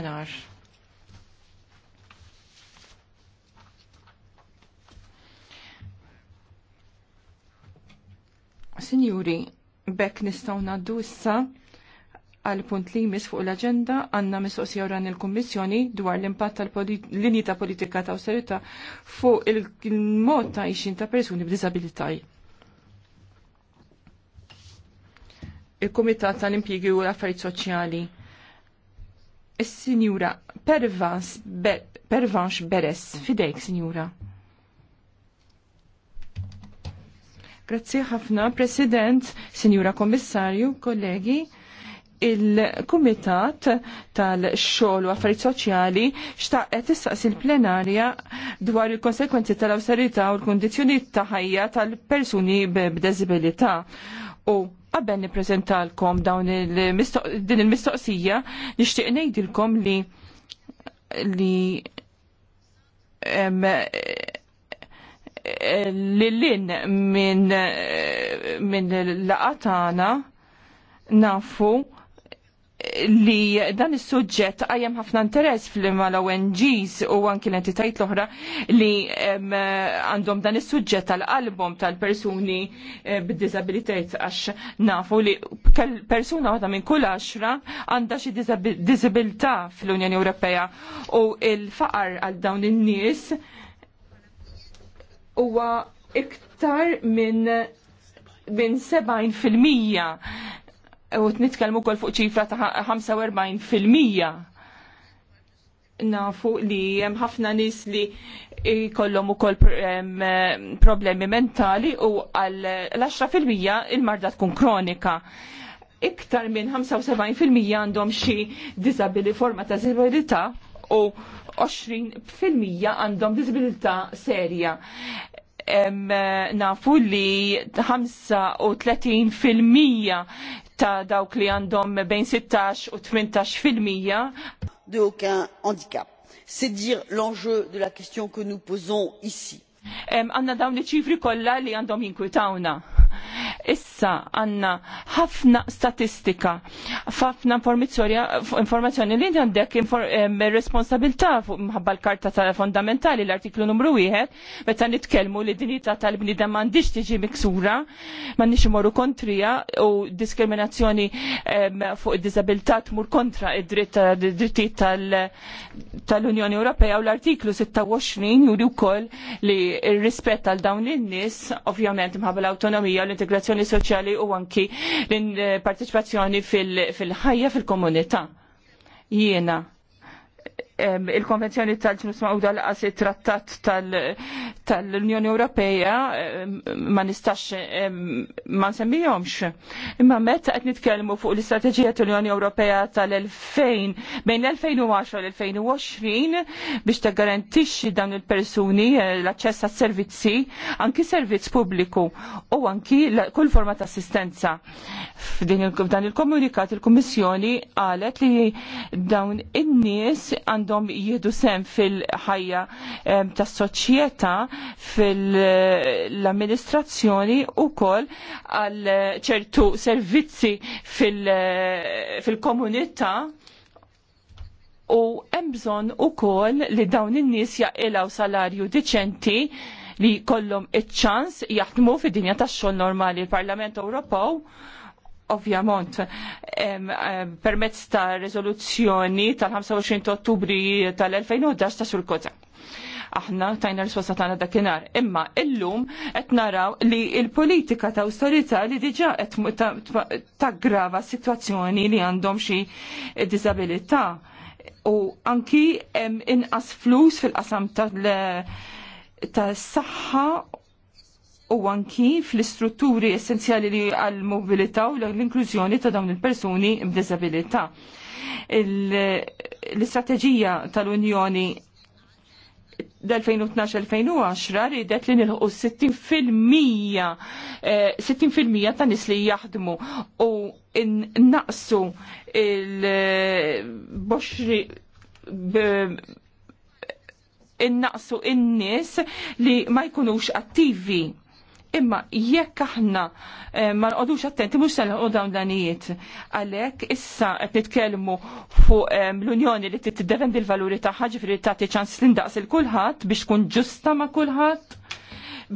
nofsinhar. Sinjuri, bekk nistgħu ngħaddu issa għal punt li jmiss fuq l-agenda għanna mistoqsija oran il-Kommissjoni dwar l-impatt tal-linji ta' politika ta' austerita fuq il-mod ta' ixin ta' persuni b'disabilitaj. il kumitat tal-Impjigi u l-Affarijiet Soċjali Signora, sinjura Pervans Be Beres fidejk, Signora. Grazzi ħafna, President, Signora Kommissarju, kollegi il-Kumitat tal-Xogħol u Affarijiet Soċjali xtaqet issaqsi il-plenarja dwar il-konsekwenzi tal-awsterità u l kondizjoni ta' ħajja tal-persuni b'deżibilità u Qabel niprezentalkom dawn il din il-mistoqsija, nixtieq ngħidilkom li li em, lillin minn min laqatana nafu li dan is-suġġett għajem ħafna interess fl-imma l-ONGs u anki l-entitajt l-oħra li għandhom dan is-suġġett tal-album tal-persuni eh, bid għax nafu li persuna għadha minn kull għaxra għandha xi disabilità fl-Unjoni Ewropea u il-faqar għal dawn in-nies huwa iktar minn minn 70% u t-nitkelmu kol fuq ċifra ta' 45% nafu li jem ħafna nis li kollom u kol problemi mentali u għal l-10% il-marda tkun kronika. Iktar minn 75% għandhom xi disabili forma ta' zibilita u 20% għandhom disabilita' serja nafu li 35% ta' dawk li għandhom bejn 16 u 18%. De aucun handicap. C'est dire l'enjeu de la question que nous posons ici. Għanna dawn li ċifri kollha li għandhom jinkwitawna. Issa għanna ħafna statistika, ħafna informazzjoni li għandek responsabilta mħabba l-karta tal-fondamentali l-artiklu numru 1, meta nitkellmu li dinita tal-bnidem m'għandix tiġi miksura, m'għandix imorru kontrija u diskriminazzjoni fuq id-disabilità tmur kontra id-drittijiet tal-Unjoni Ewropea u l-artiklu 26 juri wkoll li r-rispett għal dawn in-nies, ovvjament mħabba l-autonomija l l-integrazzjoni soċjali u anki l-parteċipazzjoni eh, fil-ħajja fil-komunità. Jiena il-konvenzjoni tal-ġnus mawda l-qas trattat tal-Unjoni Ewropeja ma nistax ma nsemmijomx. Imma meta qed nitkellmu fuq l-istrateġija tal-Unjoni Ewropeja tal-2000 bejn l-2010 l-2020 biex taggarantixxi dawn il-persuni eh, l-aċċess għas-servizzi, anki servizz pubbliku u anki kull forma ta' assistenza. F'dan il-komunikat il-Kummissjoni qalet li dawn in-nies għand għandhom jihdu sem fil-ħajja tas soċjetà fil-amministrazzjoni u kol għal ċertu servizzi fil-komunità u hemm bżonn ukoll li dawn in-nies jaqilgħu salarju diċenti li kollhom iċ-ċans jaħdmu fid-dinja tax-xogħol normali. Il-Parlament Ewropew ovvjament permezz ta' rezoluzzjoni tal-25 ottubri tal-2011 ta' sul-kota aħna tajna risposta tagħna dakinhar. Imma illum qed naraw li l-politika ta' awtorità li diġà qed taggrava s-sitwazzjoni li għandhom xi diżabilità. U anki inqas flus fil-qasam tal- saħħa u anki fl-istrutturi essenzjali li għal-mobilità u l-inklużjoni ta' dawn il-persuni b'dizabilita. L-istrateġija tal-Unjoni d-2012-2010 ridet li nilħu 60% 60% eh, ta' nis li jaħdmu u naqsu il-boxri innaqsu in-nies li ma jkunux attivi Imma jekk aħna eh, ma nqodux attenti mhux se dawn danijiet. Għalhekk issa qed nitkellmu fuq eh, l-Unjoni li tiddefend il-valuri tagħha ġifieri tagħti ċans lindaqs il kulħadd biex tkun ġusta ma' kulħadd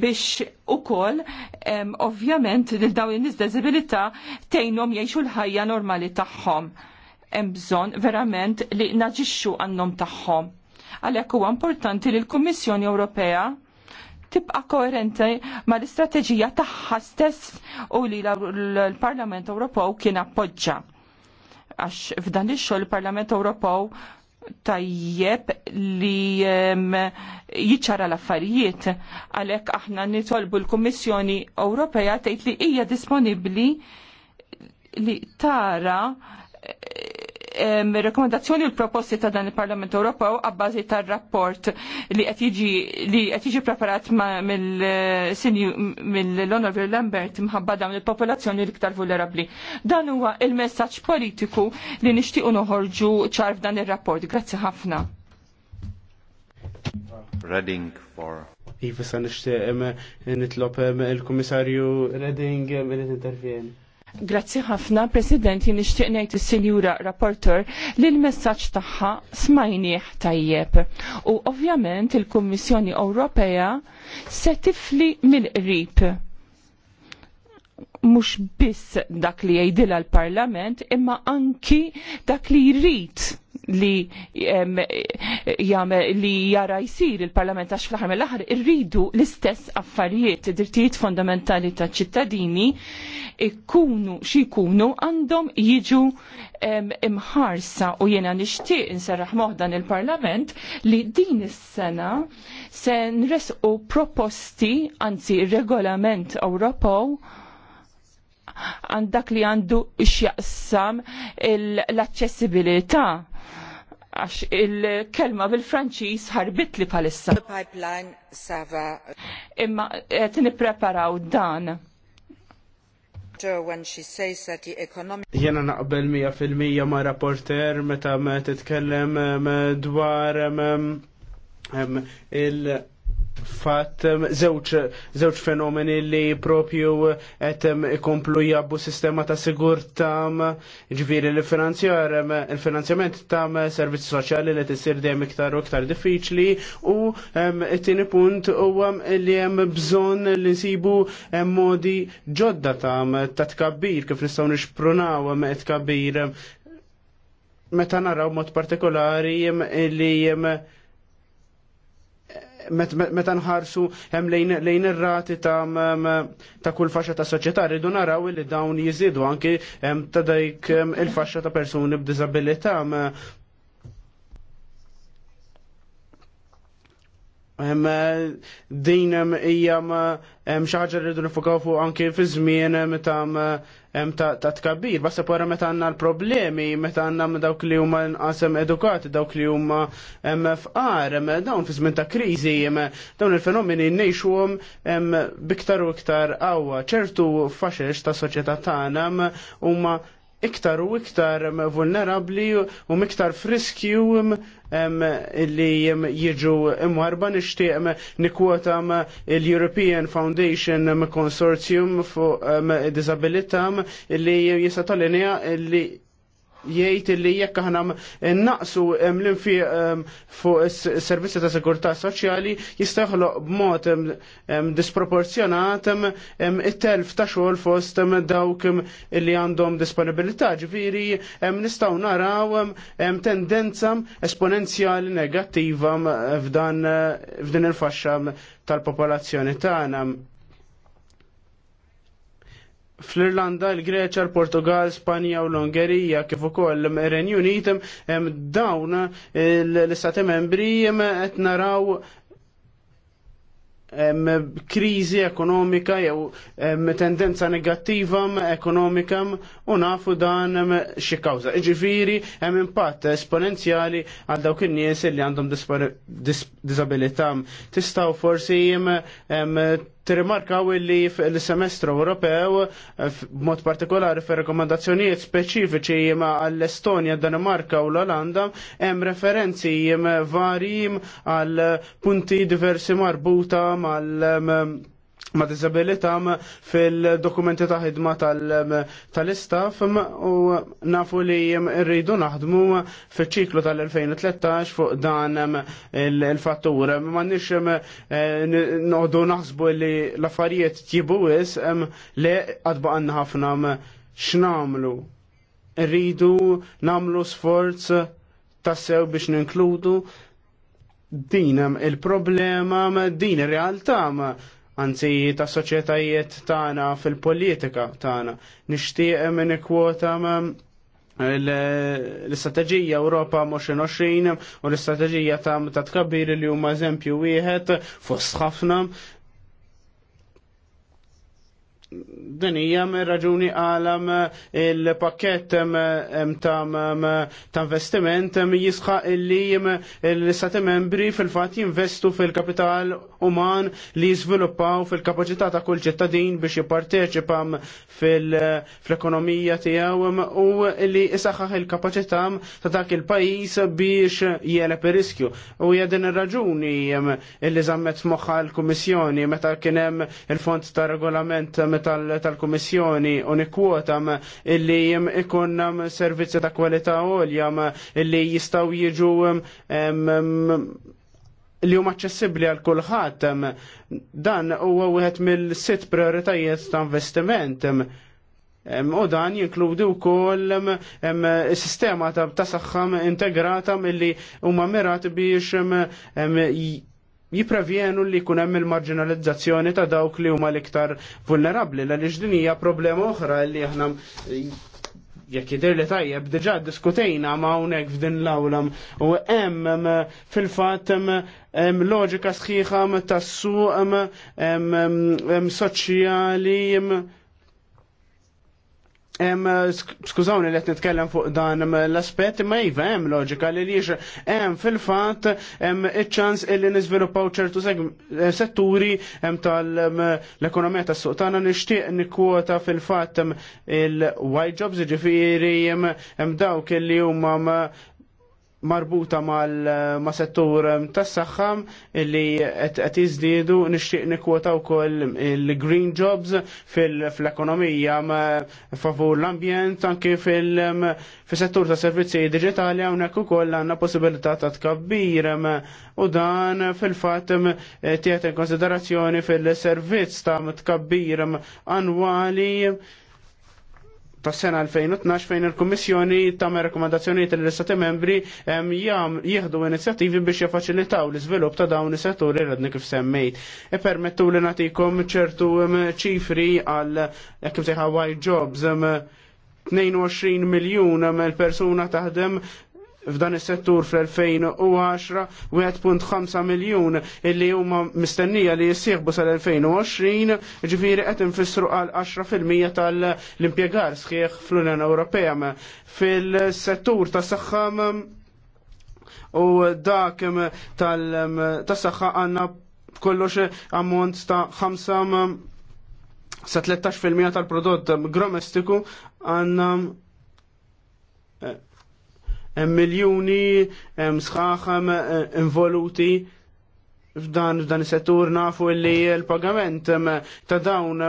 biex ukoll eh, ovvjament lil dawn in-nies deżibilità tgħinhom jgħixu l-ħajja normali tagħhom. Hemm bżonn verament li naġixxu għannom tagħhom. Għalhekk huwa importanti li l-Kummissjoni Ewropea tibqa' koerenti ma' l-istrateġija tagħha stess u li l-Parlament Ewropew kien appoġġa. Għax f'dan ix-xogħol il-Parlament Ewropew tajjeb li jiċara l-affarijiet għalhekk aħna nitolbu l-Kummissjoni Ewropea tgħid li hija disponibbli li tara rekomendazzjoni l proposti ta' dan il-Parlament Ewropew għabbażi tar-rapport li qed jiġi li qed jiġi preparat mill-Honorable Lambert mħabba dawn il-popolazzjoni l-iktar vulnerabbli. Dan huwa il-messaġġ politiku li nixtiequ noħorġu ċar f'dan ir-rapport. Grazzi ħafna. Reading for Iva sa nishtiq il-Kummissarju Redding li intervjeni. Grazzi ħafna, President, nishtiq nixtieq ngħid is-Sinjura Rapporter li l-messaġġ tagħha smajnieh tajjeb. U ovvjament il-Kummissjoni Ewropea se tifli mill-qrib mhux biss dak li jgħidilha l-Parlament imma anki dak li jrid li li jara jsir il-Parlament għax fl-aħħar mill-aħħar irridu l-istess affarijiet, id-drittijiet fondamentali ta' ċittadini ikkunu xi jkunu għandhom jiġu imħarsa u jena nixtieq nserraħ moħdan il-Parlament li din is-sena se nresqu proposti anzi regolament Ewropew għandak li għandu x'jaqsam l-aċċessibilità għax il-kelma bil franċiż ħarbit li palissa. Imma qed nippreparaw dan. Jena naqbel 100% ma' rapporter meta titkellem dwar il- fatt żewġ fenomeni li propju qed ikomplu jabbu sistema ta' tam ġviri li finanzjar il-finanzjament ta' servizzi soċjali li t-sir dejjem iktar u iktar diffiċli u t-tieni punt huwa li hemm bżonn li nsibu modi ġodda ta' tkabbir kif nistgħu nixprunaw tkabbir meta naraw mod partikolari li meta nħarsu hemm lejn ir-rati ta' kull faxxa ta' soċjetà rridu naraw li dawn jiżidu anki ta' dik il-faxxa ta' persuni b'diżabilità Eh, din hija xi ħaġa rridu nifukaw fuq anke fi żmien eh, eh, ta' tkabbir, basta para meta għandna l-problemi, meta għandna dawk li huma nqasem edukati, dawk li huma fqar, dawn fi żmien ta' kriżi, dawn il-fenomeni ngħixuhom biktar u iktar qawwa. ċertu faxex ta' soċjetà tagħna huma iktar u iktar vulnerabli u miktar u li jiġu imwarba nishtiq nikwota l-European Foundation Consortium fuq disabilitam li jisa tal-linja li jgħid li jekk aħna naqsu l-infiq fuq is-servizzi ta' sigurtà soċjali jistaħloq b'mod disproporzjonat it-telf ta' xogħol fost dawk li għandhom disponibilità. Ġifieri nistgħu naraw tendenza esponenzjali negattiva f'dan f'din il-faxxa tal-popolazzjoni tagħna fl-Irlanda, il-Greċa, il-Portugal, Spanja u l-Ungerija kif ukoll ir-Renju Unit hemm dawn l-istati membri qed naraw kriżi ekonomika jew tendenza negattiva ekonomika u nafu dan xi kawża. Iġifieri hemm impatt esponenzjali għal dawk in-nies li għandhom disabilità. Tistgħu forsi Tirrimarkaw li l-semestru Ewropew eh, mod partikolari fir rekomandazzjonijiet speċifiċi ma għall-Estonja, Danimarka u l-Olanda hemm referenzi varim għal punti diversi marbuta mal ma' disabilità fil-dokumenti ta' ħidma tal-istaff u nafu li rridu naħdmu fil-ċiklu tal-2013 fuq dan il-fattur. Ma' nix eh, noħdu naħsbu li l-affarijiet tjibu wis li għadbaqanna ħafna x'namlu. Rridu namlu sforz tassew biex ninkludu din il-problema, din ir-realtà anzi ta' soċjetajiet tagħna fil-politika tagħna. Nixtieq minn kwota l-istrateġija Ewropa 2020 u l-istrateġija ta' tkabbir li huma eżempju wieħed fost ħafna dan hija raġuni għalam il-pakket ta' investiment jisħa illi l-istati membri fil-fat jinvestu fil-kapital uman li jizviluppaw fil-kapacità ta' kull ċittadin biex jipparteċipa fil-ekonomija tiegħu u li jisħaħ il-kapacità ta' dak il-pajis biex jiela per riskju. U jadin ir-raġuni illi zammet moħħa l-Kummissjoni meta kien hemm il-fond ta' regolament tal-Kummissjoni u nikkwotam illi ikun um, servizzi ta' kwalità għolja illi jistgħu jiġu um, li huma aċċessibbli għal kulħadd dan huwa wieħed mill-sitt prioritajiet ta' investiment. U dan jinkludi wkoll sistema ta' saħħa integrata milli huma mirat biex jipravjenu li kunem hemm il-marginalizzazzjoni ta' dawk li huma l-iktar vulnerabbli għaliex din hija problema oħra li aħna jekk jidher li tajjeb diġà diskutejna ma' hawnhekk f'din l awlam u hemm fil-fatt hemm loġika sħiħa tas-suq emm soċjali Eh, skużawni li qed nitkellem fuq dan l-aspett, ma iva hemm loġika li liex hemm fil-fatt hemm iċ-ċans illi niżviluppaw ċertu eh, setturi hemm tal-ekonomija tas-suq tagħna nixtieq nikkwota fil-fatt il-white jobs jiġifieri hemm dawk illi huma marbuta mal settur um, tas-saħħa li qed jiżdiedu nixtieq nikkwota wkoll il-green jobs fil-ekonomija um, favur l-ambjent anke fil-settur um, ta' servizzi diġitali hawnhekk ukoll għandna possibilità ta' tkabbir u dan fil-fatt tieħed in konsiderazzjoni fil-servizz ta' tkabbir annwali tas sena 2012 fejn il-Kummissjoni tagħmel rakkomandazzjonijiet li l-Istati membri jieħdu inizjattivi biex jaffaċilitaw l-iżvilupp ta' dawn is-setturi li kif semmejt. E permettu li nagħtikom ċertu ċifri għal kif sejħa jobs 22 miljun persuna taħdem f'dan is-settur fl-2010 1.5 miljun illi huma mistennija li jissieħbu sal-2020 ġifieri qed infissru għal 10% tal-impjegar sħiħ fl-Unjoni Ewropea. Fil-settur tas saħħa u dak tal-saħħa għandna kollox ammont ta' 5 sa 13% tal-prodott gromestiku għandna eh, miljuni sħaħam eh, involuti f'dan f'dan is-settur nafu li l-pagament ta' dawn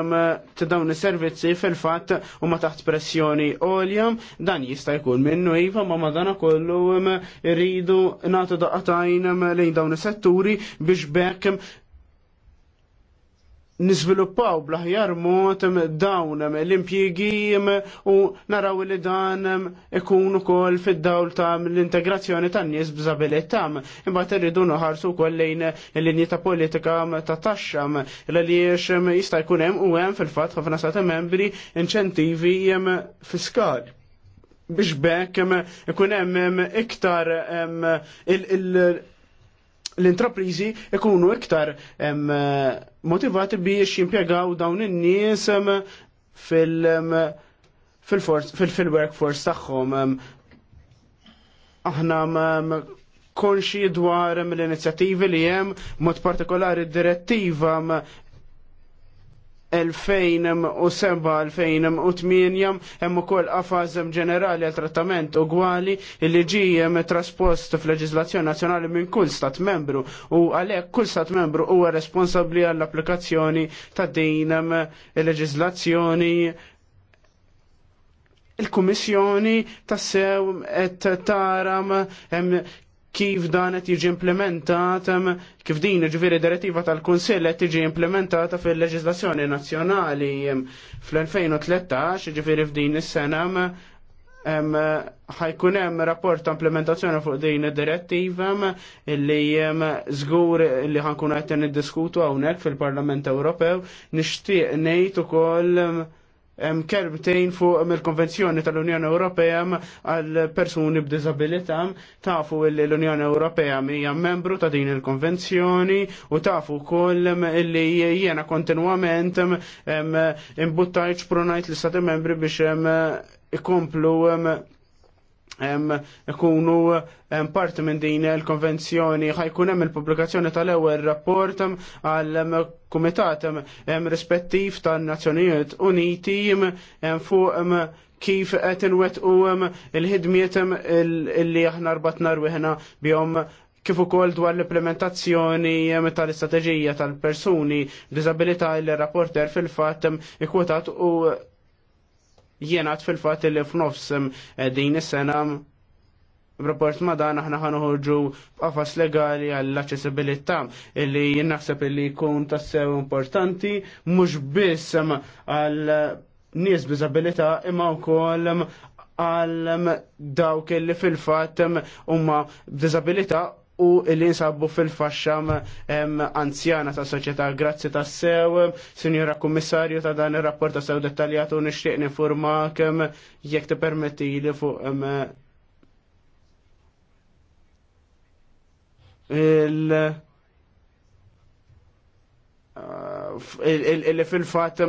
ta' dawn is-servizzi fil-fatt huma taħt pressjoni għoljam dan jista' jkun minnu iva ma madana kollu irridu nagħtu daqatajn lejn dawn is-setturi biex bekk nizviluppaw blaħjar mod dawn l-impjigi u naraw li dan ikun ukoll fid-dawl ta' l-integrazzjoni tan nies b'żabilità. Imbagħad irridu noħarsu wkoll lejn il-linji ta' politika ta' taxxa għaliex jista' jkun hemm u hemm fil-fatt ħafna sa' membri inċentivi fiskali biex bekk ikun hemm iktar il- l-intraprizi ikunu iktar motivati biex jimpiegaw dawn in-nies fil-workforce tagħhom. Aħna konxi dwar l-inizjattivi li hemm mod partikolari d direttiva 2007-2008 hemm ukoll qafazem ġenerali għal trattament ugwali li ġie traspost fl-leġislazzjoni nazzjonali minn kull stat membru u għalhekk kull stat membru huwa responsabbli għall-applikazzjoni ta' din il-leġislazzjoni il-Kummissjoni tassew et taram kif dan qed jiġi implementat, kif din ġviri direttiva tal-Kunsill qed tiġi implementata fil-leġislazzjoni nazzjonali fl-2013, ġviri f'din is-sena ħajkun hemm rapport ta' implementazzjoni fuq din id-direttiva li żgur li ħankun qed niddiskutu hawnhekk fil-Parlament Ewropew nixtieq ngħid ukoll hemm kerbtejn fuq mill-Konvenzjoni tal-Unjoni Ewropea għal persuni b'diżabilità tafu li l-Unjoni Ewropea hija membru ta' din il-konvenzjoni u tafu wkoll li jiena kontinwament imbuttajt x'pronajt l-istati membri biex ikomplu ikunu parti minn din il-konvenzjoni ħajkun hemm il-pubblikazzjoni tal-ewwel rapport għal kumitat rispettiv tan-Nazzjonijiet Uniti fuq kif qed inwettqu il-ħidmiet illi aħna rbatna rwieħna bihom kif ukoll dwar l-implementazzjoni tal-istrateġija tal-persuni b'diżabilità il-rapporter fil-fatt ikwotat u jenat fil-fat li f'nofs eh, din is-sena Rapport ma dan aħna ħanuħorġu b'qafas legali għall-aċċessibilità illi jien naħseb illi jkun tassew importanti mhux biss għal nies biżabilità imma wkoll għal dawk illi fil-fatt huma b'diżabilità u li nsabu fil fasċa anzjana ta' soċjetà grazzi ta' sew, Sinjora Kummissarju ta' dan ir-rapport ta' sew dettaljatu u nixtieq jek jekk permetti li fuq il- illi fil-fat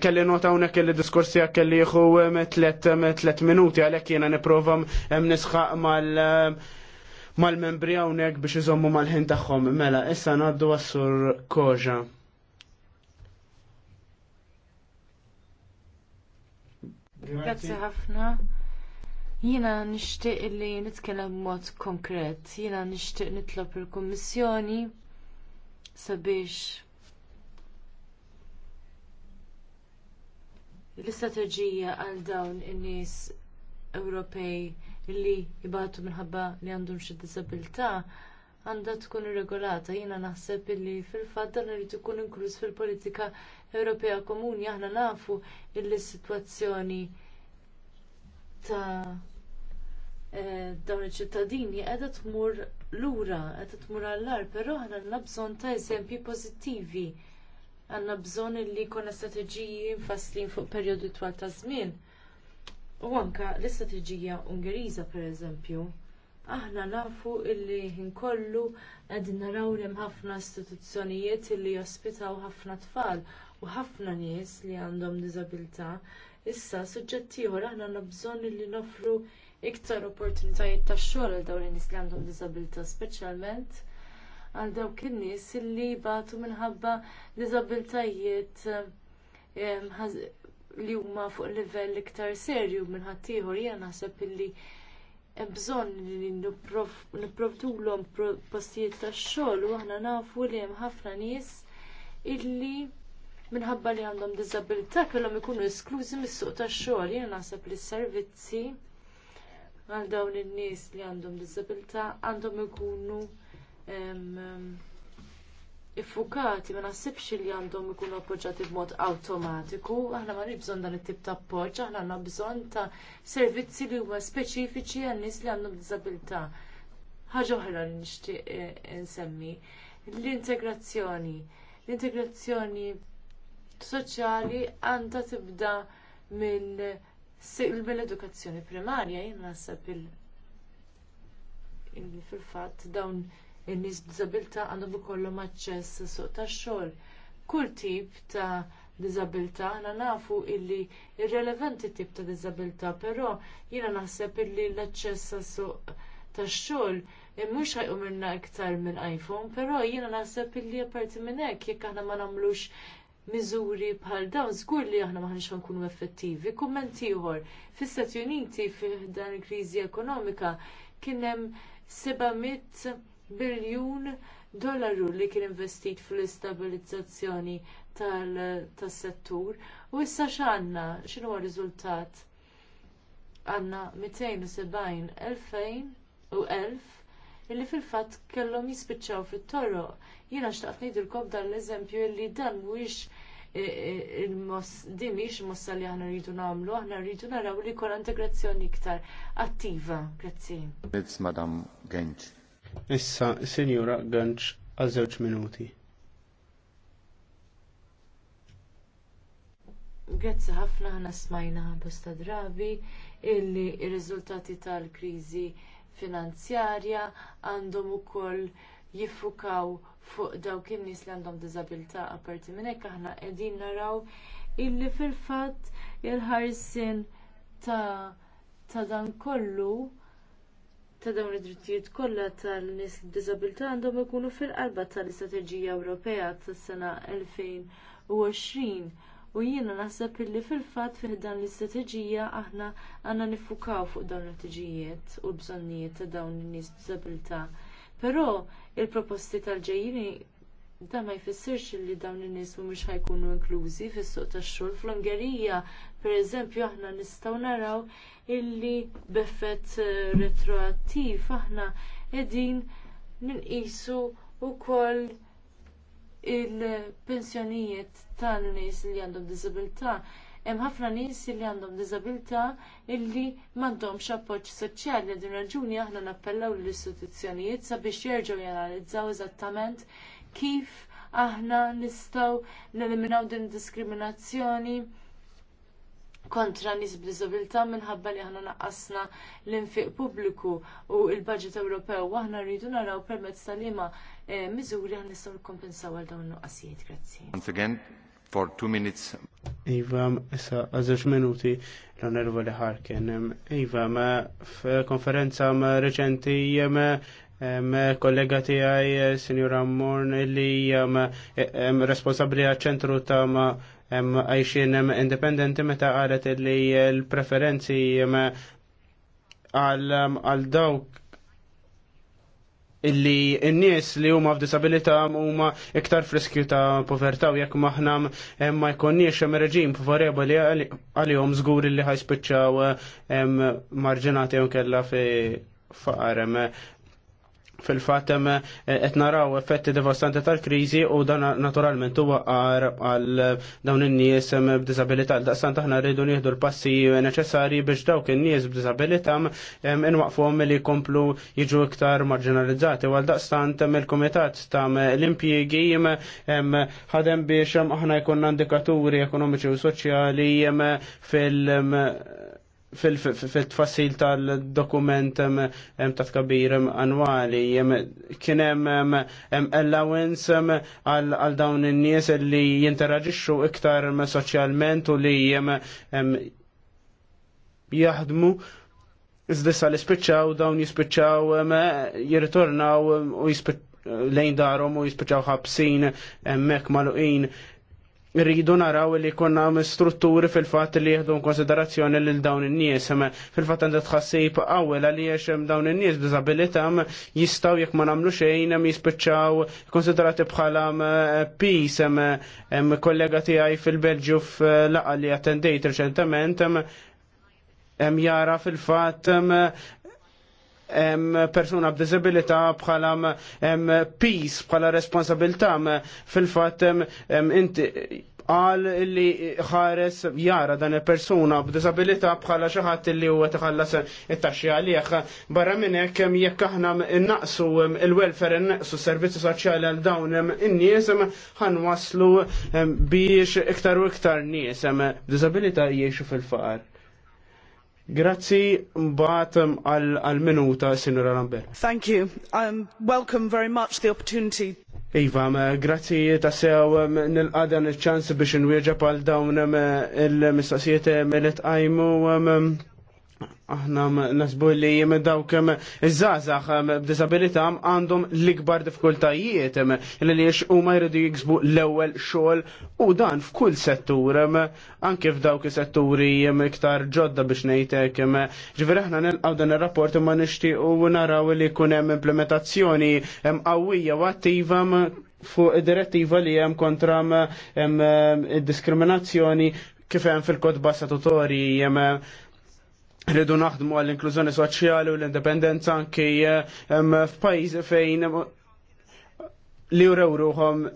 kelli nota unek illi diskorsi kelli jħu tlet minuti għalek jena niprofam nisħaq mal mal-membri hawnhekk biex iżommu mal-ħin tagħhom. Mela, issa naddu għassur sur Koġa. Grazzi ħafna. Jiena nixtieq li nitkellem b'mod konkret. Jiena nixtieq nitlob il-Kummissjoni sabiex l-istrateġija għal dawn in-nies Ewropej Illi jibatu minħabba li għandhom xi diżabilità għandha tkun irregolata. Jiena naħseb illi fil-fatt dan irid ikun inkluż fil-politika Ewropea Komuni aħna nafu illi s-sitwazzjoni ta' eh, dawn iċ-ċittadini qiegħda tmur lura, qiegħda tmur għall-ar, però aħna għandna bżonn ta' eżempji pożittivi. Għandna bżonn li jkollna strateġiji mfasslin fuq perjodu twal ta' żmien U anke l-istrateġija Ungeriża pereżempju, aħna nafu illi nkollu qed naraw hemm ħafna istituzzjonijiet illi jospitaw ħafna tfal u ħafna nies li għandhom diżabilità. Issa suġġetti ieħor aħna għandna bżonn li nofru iktar opportunitajiet tax xogħol għal dawn in-nies li għandhom diżabilità speċjalment għal dawk in-nies illi batu minħabba diżabiltajiet eh, li huma fuq livell iktar serju minn ħaddieħor jiena naħseb illi hemm bżonn li nipprovdulhom postijiet tax-xogħol u aħna nafu li hemm ħafna nies illi minħabba li għandhom diżabilità kellhom ikunu esklużi mis-suq tax-xogħol. Jiena naħseb li s-servizzi għal dawn in-nies li għandhom diżabilità għandhom ikunu iffukati ma naħsibx li għandhom ikunu appoġġjati b'mod awtomatiku, aħna ma bżonn dan it-tip ta' appoġġ, aħna għandna bżonn ta' servizzi li huma speċifiċi għan-nies li għandhom diżabilità. Ħaġa oħra li nixtieq eh, insemmi l-integrazzjoni. L-integrazzjoni soċjali għandha tibda mill mill-edukazzjoni primarja jien naħseb il fil-fatt dawn in-nies b'diżabilità għandhom ikollhom aċċess suq tax-xogħol. Kull tip ta' diżabilità aħna nafu illi irrelevanti tip ta' diżabilità, però jiena naħseb illi l-aċċess għas-suq tax-xogħol eh, mhux ħajqu minna iktar minn iPhone, però jiena naħseb illi apparti minn hekk jekk aħna ma nagħmlux miżuri bħal dawn żgur li aħna maħniex nkunu effettivi. Kumment ieħor, fis-Stati Uniti fi dan il-kriżi ekonomika kien hemm 700 biljun dollaru li kien investit fl-istabilizzazzjoni tas-settur u issa x'għandna x'inhuwa r-riżultat? Għandna 270.000 elfejn u elf illi fil-fatt kellhom jispiċċaw fit-toroq. Jiena xtaqt ngħidilkom dan l-eżempju illi dan mhuwiex eh, eh, din mhix mossa li aħna rridu nagħmlu, aħna rridu naraw li jkollha integrazzjoni iktar attiva. Grazzi. Issa, Sinjura għanċ għal żewġ minuti. Grazzi ħafna ħana smajna bosta drabi illi r-riżultati tal-kriżi finanzjarja għandhom ukoll jiffukaw fuq dawk in-nies li għandhom diżabilità apparti minn hekk aħna qegħdin naraw illi fil-fatt il-ħarsien ta' ta' dan kollu ta' dawn id-drittijiet kollha tal-nies b'diżabilità għandhom ikunu fil-qalba tal-Istrateġija Ewropea tas-sena 2020 u jiena naħseb illi fil-fatt fih dan l-istrateġija aħna għandna nifukaw fuq dawn l-ħtiġijiet u l-bżonnijiet ta' dawn in-nies b'diżabilità. Però l proposti tal-ġejjini da ma jfissirx li dawn in-nies mhumiex ħajkunu inklużi fis-suq tax-xogħol. Fl-Ungerija, pereżempju, aħna nistgħu naraw illi b'effett eh, retroattiv aħna qegħdin ninqisu wkoll il-pensjonijiet tan-nies li għandhom diżabilità. Hemm ħafna nies li għandhom diżabilità illi m'għandhomx appoġġ soċjali għadin raġuni aħna nappellaw l-istituzzjonijiet sabiex jerġgħu janalizzaw eżattament kif aħna nistgħu neliminaw din id diskriminazzjoni kontra nies b'diżabilità minħabba li aħna naqqasna l-infiq pubbliku u l-budget Ewropew u aħna rridu naraw permezz tal-ima eh, miżuri aħna nistgħu nikkompensaw għal dawn nuqqasijiet. Grazzi. Once again, for two minutes. Iva, issa, għazġ minuti l-onerva li ħarken. Iva, ma f-konferenza reċenti kollega tiegħi Signora Morn li responsabbli għaċ-ċentru ta' għajxin independenti meta qalet li l-preferenzi għal dawk illi n-nies li huma f'disabilità huma iktar friskju ta' povertà u jekk maħna ma jkunniex hemm reġim favorevoli għalihom żgur li ħajspiċċaw marġinati jew kellha fi faqar fil-fatt hemm eh, qed naraw effetti devastanti tal-kriżi u dan naturalment huwa għar għal dawn in-nies b'disabilità. Daqsan aħna rridu nieħdu l-passi neċessarji biex dawk in-nies b'disabilità inwaqfhom li jkomplu jiġu iktar marginalizzati. Għal daqstant il-Kumitat ta' l-impjiegi ħadem biex aħna jkunna indikaturi ekonomiċi u soċjali fil- fil-tfassil tal-dokument ta' tkabir annwali kien hemm allowance għal dawn in-nies li jinteraġixxu iktar soċjalment u li jaħdmu iżdissa li spiċċaw dawn jispiċċaw jirritornaw u lejn darhom u jispiċċaw ħabsin hemmhekk maluqin rridu naraw li konna strutturi fil-fat li jihdu konsiderazzjoni lil dawn in-nies. Fil-fat għandha tħassib għawel li hemm dawn in-nies b'diżabilità jistgħu jekk ma nagħmlu xejn hemm jispiċċaw konsiderati bħala pis hemm kollega tiegħi fil-Belġju f'laqgħa li attendejt reċentement hemm jara fil-fatt persuna b'disabilità bħala peace bħala responsabilità fil-fatt inti qal li ħares jara dan il-persuna b'disabilità bħala xi ħadd li huwa tħallas it-taxxi għalih. Barra minn hekk jekk aħna innaqsu il-welfare innaqsu s-servizzi soċjali għal dawn in-nies waslu biex iktar u iktar nies b'disabilità jgħixu fil-faqar. Grazzi mbagħad um, għal minuta Sinura Lambert. Thank you. Um, welcome very much the opportunity Iva, um, grazzi ta' sew um, nil-qadan il-ċans biex nwieġa pal dawnem il-mistaqsijiet mill-tqajmu Aħna nasbu li jem dawk iż-żazax b'disabilità għandhom l-ikbar diffikultajiet li li ma jridu jiksbu l-ewwel xogħol u dan f'kull settur anke f'dawk is-setturi jem iktar ġodda biex ngħidlek. Ġifieri aħna nilqgħu dan ir-rapport imma nixtiequ naraw li jkun hemm implementazzjoni qawwija u attiva fuq id-direttiva li hemm kontra id-diskriminazzjoni kif hemm fil-kodba statutorji rridu naħdmu għall-inklużjoni soċjali u l-indipendenza anki eh, f'pajjiżi fejn li jurew ruħom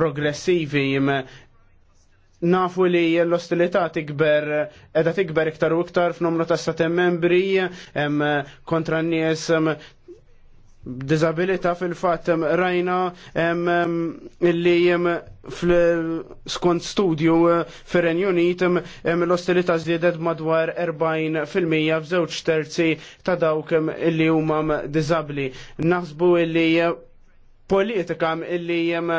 progressivi nafu li l-ostilità tikber edha tikber iktar u iktar f'numru ta' stati membri kontra n-nies disabilita fil-fat rajna li jem skont studju eh, fil-Ren Unit l-ostilita zjedet madwar 40% f'żewġ terzi ta' dawk li huma disabli. Naħsbu li eh, politika illi jem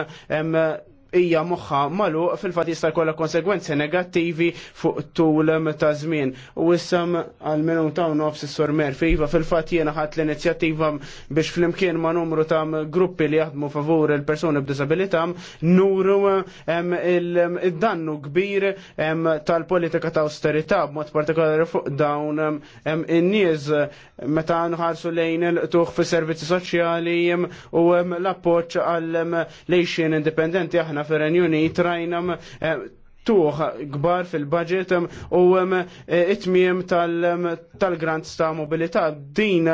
hija moħħa malu fil-fatt jista' jkollha konsegwenzi negattivi fuq tul ta' żmien. U issam għal minu ta' nofs is-sur Murphy iva fil-fatt jiena ħadd l-inizjattiva biex flimkien ma' numru ta' gruppi li jaħdmu favur il-persuni b'disabilità nuru id dannu kbir tal-politika ta' austerità b'mod partikolari fuq dawn in-nies meta nħarsu lejn il-tuħ fis-servizzi soċjali u l-appoġġ għal lejxien indipendenti aħna fir Unit trajnam eh, tuħ gbar fil-budget um, u um, eh, it-tmiem um, tal-grants ta' mobilità din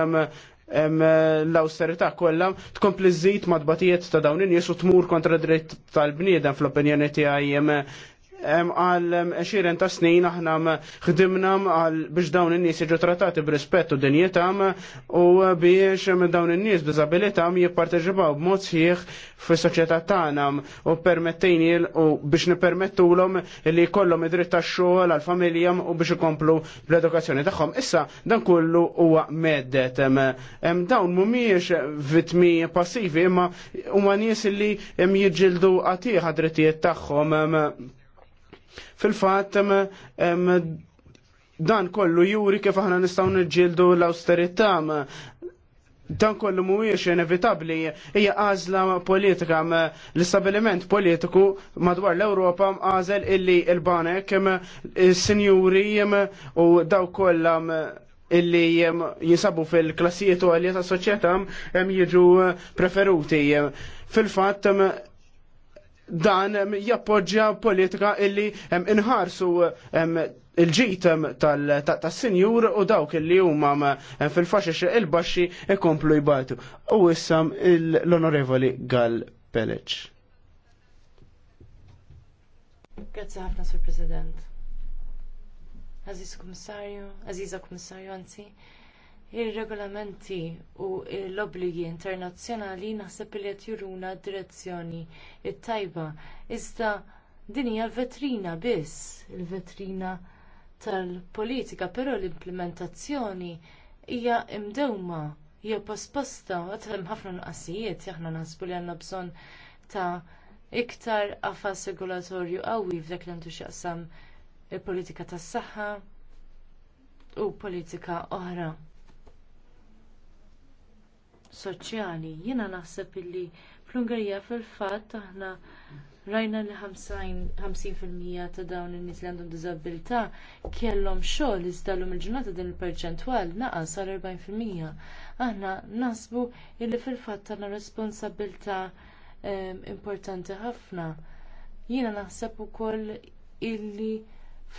l-austerità kollha tkompli żid madbatijiet ta' dawn in-nies u tmur kontra dritt tal-bniedem fl-opinjoni tiegħi għal 20 ta' snin aħna ħdimna biex dawn in-nies jiġu trattati b'rispett u dinjetam u biex dawn in-nies b'diżabilitam jipparteċipaw b'mod sħiħ fis-soċjetà tagħna u permettejni u biex nippermettulhom li jkollhom id-dritt tax-xogħol għall-familja u biex ikomplu bl-edukazzjoni tagħhom. Issa dan kullu huwa meddet. Dawn mhumiex vitmi passivi imma huma nies li jiġġieldu għatieħ għad-drittijiet tagħhom Fil-fatt dan kollu juri kif aħna nistgħu niġġieldu l-awsterità dan kollu mhuwiex inevitabbli hija għażla politika l-istabiliment politiku madwar l-Ewropa għażel illi l-banek is-sinjuri u daw kollha illi jinsabu fil-klassijiet u għalja ta' soċjetà jiġu preferuti. Fil-fatt dan jappoġġja politika illi inħarsu il-ġit tal-senjur u dawk illi huma fil-faxix il-baxxi ikomplu jbatu. U issam l-onorevoli Gal Peleċ. Grazie ħafna, Sur President. Aziz Komissarju, Aziza Komissarju, anzi, Ir-regolamenti u l-obbligi internazzjonali naħseb li qed juruna d-direzzjoni it-tajba. Iżda din hija l-vetrina biss, il-vetrina tal-politika, però l-implementazzjoni hija imdewma, hija posposta, għad hemm ħafna nuqqasijiet, aħna naħsbu li għandna bżonn ta' iktar qafas regolatorju qawwi f'dak li għandu x'jaqsam il-politika tas-saħħa u politika oħra soċjali. Jiena naħseb illi fl-Ungerija fil-fatt aħna rajna li 50% ta' dawn in-nies li għandhom diżabilità kellhom xogħol iżda il-ġurnata din il-perċentwal naqas għal 40%. Aħna nasbu li fil-fatt għandna responsabilità ehm, importanti ħafna. Jiena naħseb ukoll illi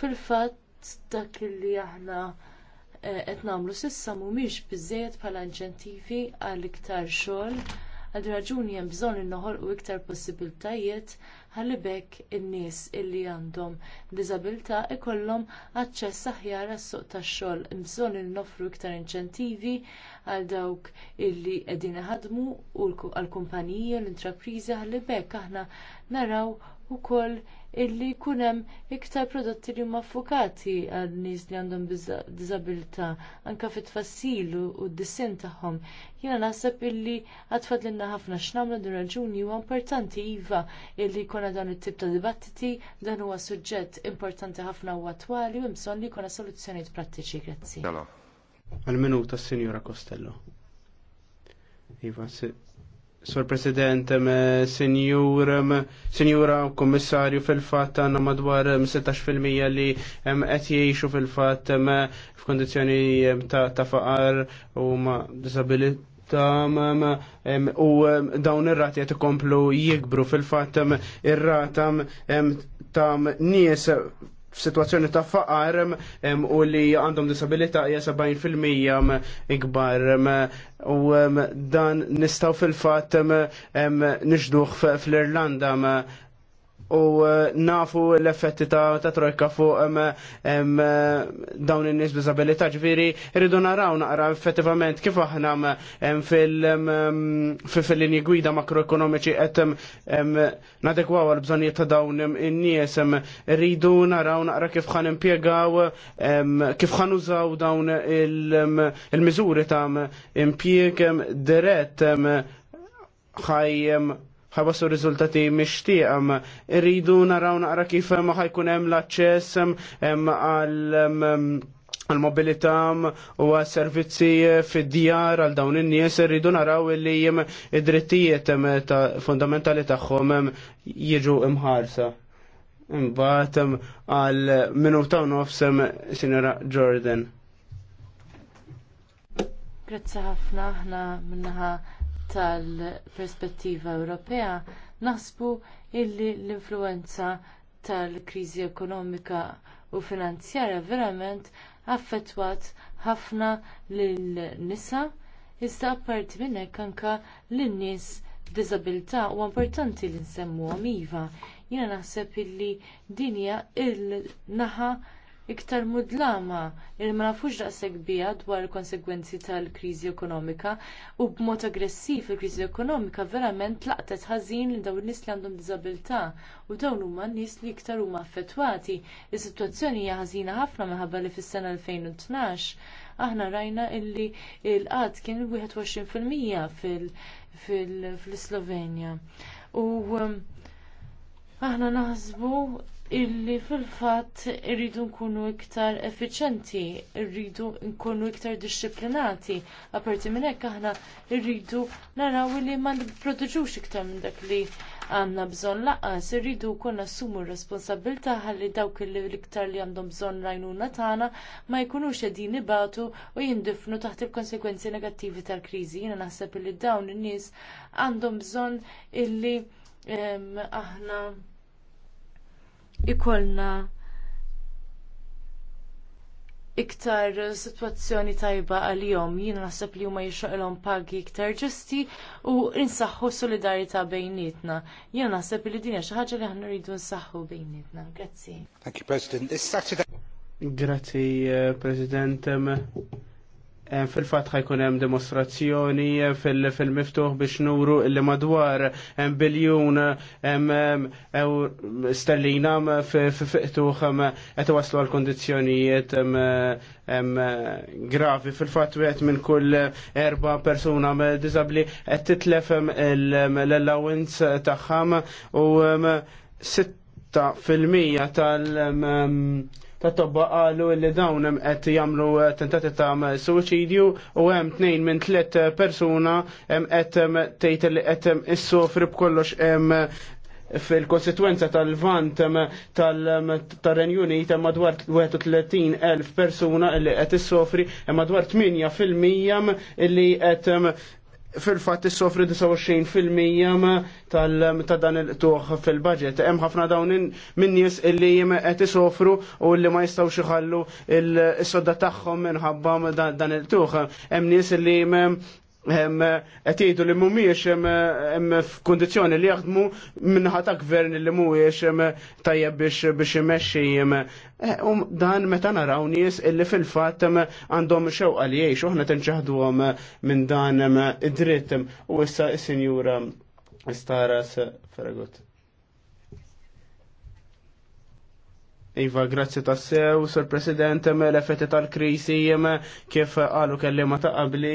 fil-fatt dak illi aħna qed nagħmlu sissa mhumiex biżżejjed bħala inċentivi għal iktar xogħol għal raġuni hemm bżonn innoħolqu iktar possibiltajiet ħalli bekk in-nies illi għandhom diżabilità ikollhom aċċess aħjar għas-suq tax-xogħol. Bżonn innofru iktar inċentivi għal dawk illi qegħdin iħadmu u għall kumpaniji u l-intrapriżi ħalli bekk aħna naraw ukoll illi jkun hemm iktar prodotti li huma affukati għal nies li għandhom diżabilità anke fit tfassil u d-dissin tagħhom. Jiena naħseb illi għatfad ħafna x'namlu din raġuni huwa importanti iva illi jkollna dan it-tip ta' dibattiti dan huwa suġġett importanti ħafna u attwali u bżonn li jkollna soluzzjonijiet prattiċi. Grazzi. Għal minuta Sinjora Costello. Iva, Sur President, Senjura Kommissarju fil-fat għanna madwar 16% li qed jgħixu fil-fat f'kondizzjoni ta' faqar u ma' disabilità u dawn ir-rati qed ikomplu jikbru fil-fatt ir-rata nies f'sitwazzjoni ta' faqar u li għandhom disabilità hija 70% ikbar u dan nistaw fil-fatt nixduh fl-Irlanda u eh, nafu l-effetti ta', ta trojka fuq dawn in-nies biżabilità. ġifieri rridu naraw naqra effettivament kif aħna fil-linji gwida makroekonomiċi qed nadekwaw għal bżonnijiet ta' dawn in-nies rridu naraw naqra kif ħan impjegaw kif ħan użaw dawn il-miżuri ta' impjieg dirett ħajjem ħabasu riżultati mixtieq. Irridu naraw naqra kif ma ħajkun hemm l-aċċess għal għal-mobilità u għal-servizzi eh, fid-djar għal dawn in-nies irridu naraw li jem id-drittijiet ta fundamentali tagħhom jiġu imħarsa. imbagħad għal minuta u nofsem Sinjora Jordan. Grazzi ħafna aħna minnaħa tal-perspettiva Ewropea naħsbu illi l-influenza tal-kriżi ekonomika u finanzjarja verament affettwat ħafna lil-nisa iżda apparti minn hekk anke lin-nies b'diżabilità huwa importanti li nsemmuhom iva. Jiena naħseb illi din hija l naħa iktar mudlama li ma nafux daqshekk biha dwar il-konsegwenzi tal-kriżi ekonomika u b'mod aggressiv il-kriżi ekonomika verament laqtet ħażin lil dawn nies li għandhom diżabilità u dawn huma nies li iktar huma affettwati. Is-sitwazzjoni hija ħażina ħafna minħabba li fis-sena 2012 aħna rajna illi l-qatt kien 21% fil-Slovenja. U um, aħna naħsbu illi fil-fatt irridu nkunu iktar effiċenti, irridu nkunu iktar dixxiplinati. Aperti minn hekk aħna irridu naraw li ma nipproduġux iktar minn dak li għandna bżonn laqas, irridu wkoll nassumu r-responsabilità ħalli dawk li l-iktar li għandhom bżonn rajnuna tagħna ma jkunux qegħdin ibatu u jindifnu taħt il-konsekwenzi negattivi tal-kriżi. Jiena naħseb li dawn in-nies għandhom bżonn illi aħna ikollna iktar sitwazzjoni tajba għal-jom, jina nasab li huma jixoqilhom pagi iktar ġusti u insaħħu solidarjetà bejnietna. Jina nasab li dinja xi ħaġa li aħna rridu nsaħħu bejnietna. Grazzi. Thank you, President. Grazzi, eh, President. Eh, fil-fat ħajkun hemm demonstrazzjoni eh, fil-miftuħ biex nuru illi madwar hemm eh, biljun sterlina fiqtuħ qed waslu għal kondizzjonijiet gravi fil-fatt wieħed minn kull erba persuna diżabbli qed titlef l-allowance tagħhom u sitta fil-mija tal- ta' tobba qalu li dawn qed jagħmlu eh, tentati ta' suicidju u hemm tnejn minn tliet eh, persuna qed eh, tgħid li qed issofri b'kollox hemm fil-konsekwenza tal-vant tal-Renju Unit hemm madwar 31,000 persuna li qed issofri hemm madwar 8% illi qed fil-fat is-sofri 29% tal dan il-tuħ fil-budget. Hemm ħafna dawn min nies illi qed isofru u li ma jistgħux iħallu il sodda tagħhom minħabba dan il-tuħ. Hemm nies illi qed jgħidu li mhumiex hemm f'kundizzjoni li jaħdmu minnaħa ta' gvern li mhuwiex tajjeb biex biex imexxi eh, um dan meta naraw nies illi fil-fatt għandhom xewqa li jgħixu tenċaħdu għom minn dan id-dritt u issa il-senjura Staras Ferragut. Iva, grazzi ta' sew sur President, l-effetti tal-krisi, kif għalu kellima ta' qabli,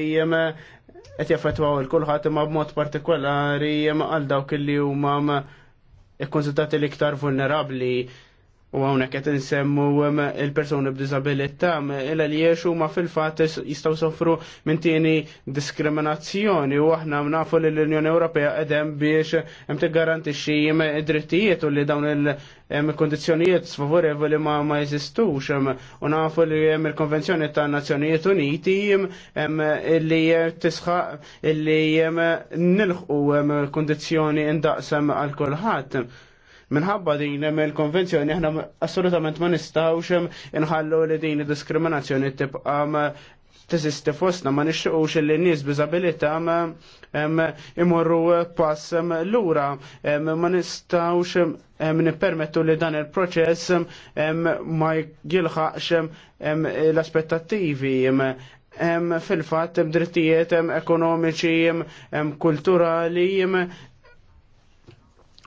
qed jaffetwaw il-kulħadd imma b'mod partikolari għal dawk li huma ikkonsultati l-iktar vulnerabbli U għawnek għet nsemmu um, il-personi b'dizabilità, um, illa li jiexu ma fil-fat jistaw soffru minn diskriminazzjoni u aħna nafu li l-Unjoni Ewropea edem biex jem t xie id-drittijiet u li dawn il-kondizjonijiet um, sfavorevoli ma ma jesistux u nafu li jem il-Konvenzjoni ta' Nazzjonijiet Uniti li tisħa li jem nilħu kondizjoni indaqsam għal kulħadd Minħabba din hemm il-konvenzjoni aħna assolutament ma nistgħux inħallu li din id-diskriminazzjoni tibqa' tesisti fostna ma nixtiqux li n-nies biżabilità imorru pass lura ma nistgħux nippermettu li dan il-proċess ma jilħaqx l-aspettattivi fil-fat drittijiet ekonomiċi, kulturali,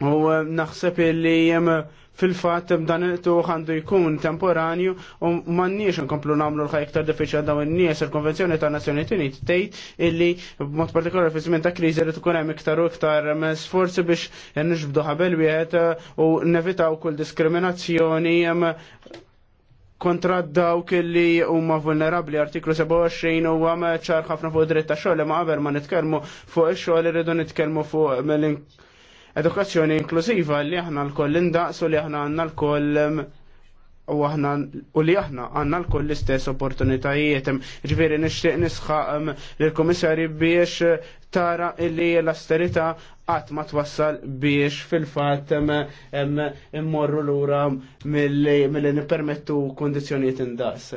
U eh, naħseb li jem eh, fil-fat eh, dan tuħ għandu jkun temporanju u mannix nkomplu namlu l-ħaj iktar diffiċa daw n-nies il-Konvenzjoni ta' Nazzjoni Uniti tgħid illi b'mod partikolari fi żmien ta' kriżi li tkun hemm iktar u iktar sforzi biex nixbdu ħabel wieħed u nevitaw kull diskriminazzjoni kontra dawk li huma vulnerabbli artiklu 27 għam ċar ħafna fuq dritt ta' xogħol ma qabel ma nitkellmu fuq ix-xogħol irridu nitkellmu fuq mill-ink edukazzjoni inklużiva li aħna l-koll indaqsu li aħna għanna l-koll u aħna u li aħna għanna l-koll l-istess opportunitajiet. Ġviri nixtieq nisħaq l-komissari biex eh, tara illi l-asterita għat ma twassal biex fil-fat immorru l-ura mill-li nipermettu kondizjoniet indaqs.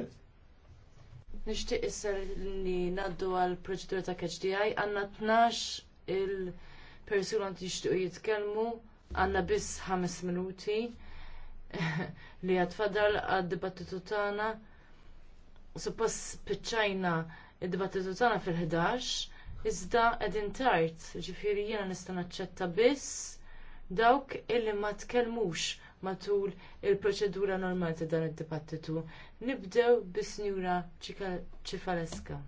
Nixtieq isser li naddu għal proċedura ta' KHDI għanna 12 il- persuna tixtuq jitkellmu għandna biss ħames minuti li għadfadal għad-dibattitu tagħna. Suppost spiċċajna id-dibattitu tagħna fil-11, iżda għedin tard, ġifiri jiena nista' naċċetta biss dawk illi ma tkellmux matul il-proċedura normali ta' dan id-dibattitu. Nibdew bis njura Ċifaleska.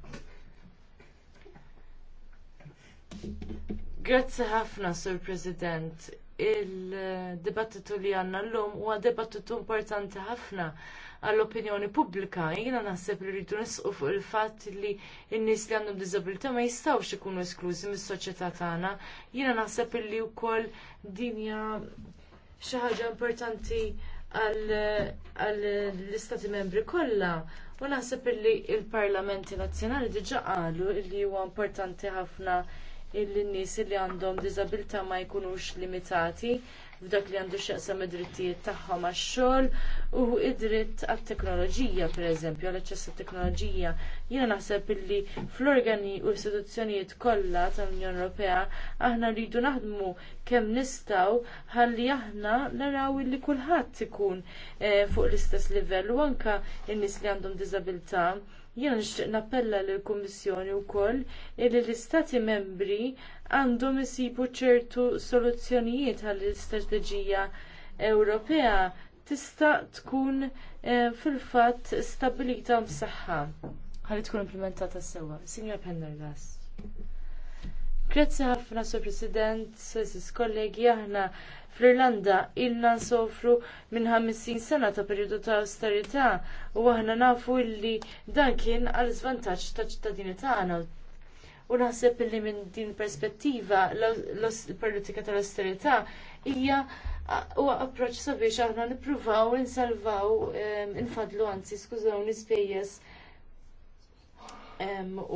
Grazzi ħafna, Sur President. Il-dibattitu li għanna l-lum huwa dibattitu importanti ħafna għall-opinjoni pubblika, jiena naħseb li rridu nisqu fuq il-fatt li n-nies li għandhom diżabilità ma jistgħux ikunu esklużi mis-soċjetà tagħna. Jiena naħseb li wkoll din hija xi ħaġa importanti għall-istati membri kollha. U naħseb li l parlamenti Nazzjonali diġà qalu li huwa importanti ħafna il-nis li għandhom diżabilità ma jkunux limitati f'dak li għandu x'jaqsam id-drittijiet tagħhom għax-xogħol u id-dritt għat-teknoloġija pereżempju għal aċċess għat-teknoloġija. Jiena naħseb illi fl-organi u istituzzjonijiet kollha tal-Unjoni Ewropea aħna rridu naħdmu kemm nistgħu ħalli aħna naraw illi kulħadd ikun eh, fuq l-istess livell u anke n-nies li għandhom diżabilità Jien nixtieq nappella lill kummissjoni wkoll li l-Istati membri għandhom isibu ċertu soluzzjonijiet għall-istrateġija Ewropea tista' tkun eh, fil-fatt stabilita msaħħa ħalli tkun implementata sewwa. Signor Pendergast. Grazzi ħafna, Sur President, Sessis kollegi, aħna fl-Irlanda ilna nsofru minn 50 sena ta' perjodu ta' austerità u aħna nafu illi dan kien għal żvantaġġ ta' ċittadini tagħna. U naħseb illi minn din perspettiva l-politika tal-austerità hija u approċċ sabiex aħna nippruvaw insalvaw ehm, infadlu anzi skużaw l-ispejjeż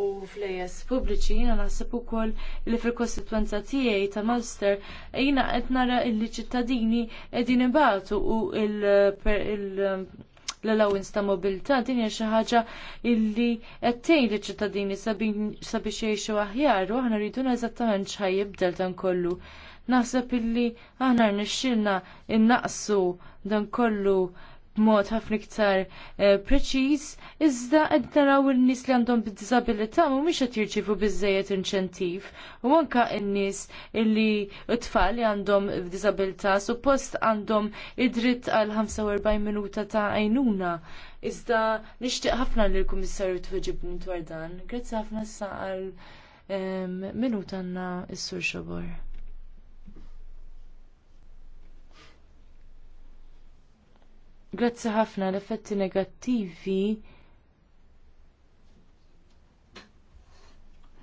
u flejes pubbliċi jiena naħseb ukoll li fil-kostituenza tiegħi ta' Malster jiena qed nara li ċittadini qegħdin ibatu u l-allowance ta' mobilità din hija xi ħaġa illi qed tgħin liċ-ċittadini sabiex jgħixu aħjar u aħna rridu eżattament x'ħajjibdel dan kollu. Naħseb illi aħna rnexxilna innaqsu dan kollu b'mod ħafna iktar eh, preċiż iżda qed naraw in-nies li għandhom bid-diżabilità mhumiex qed jirċievu biżejjed inċentiv. U anke n-nies li t-tfal li għandhom b'diżabilità suppost għandhom id-dritt għal 45 minuta ta' għajnuna. Iżda nixtieq ħafna li l-Kummissarju tweġibni dwar dan. Grazzi ħafna sa' għal minuta għandna s-sur xobor. Grazzi ħafna l-effetti negattivi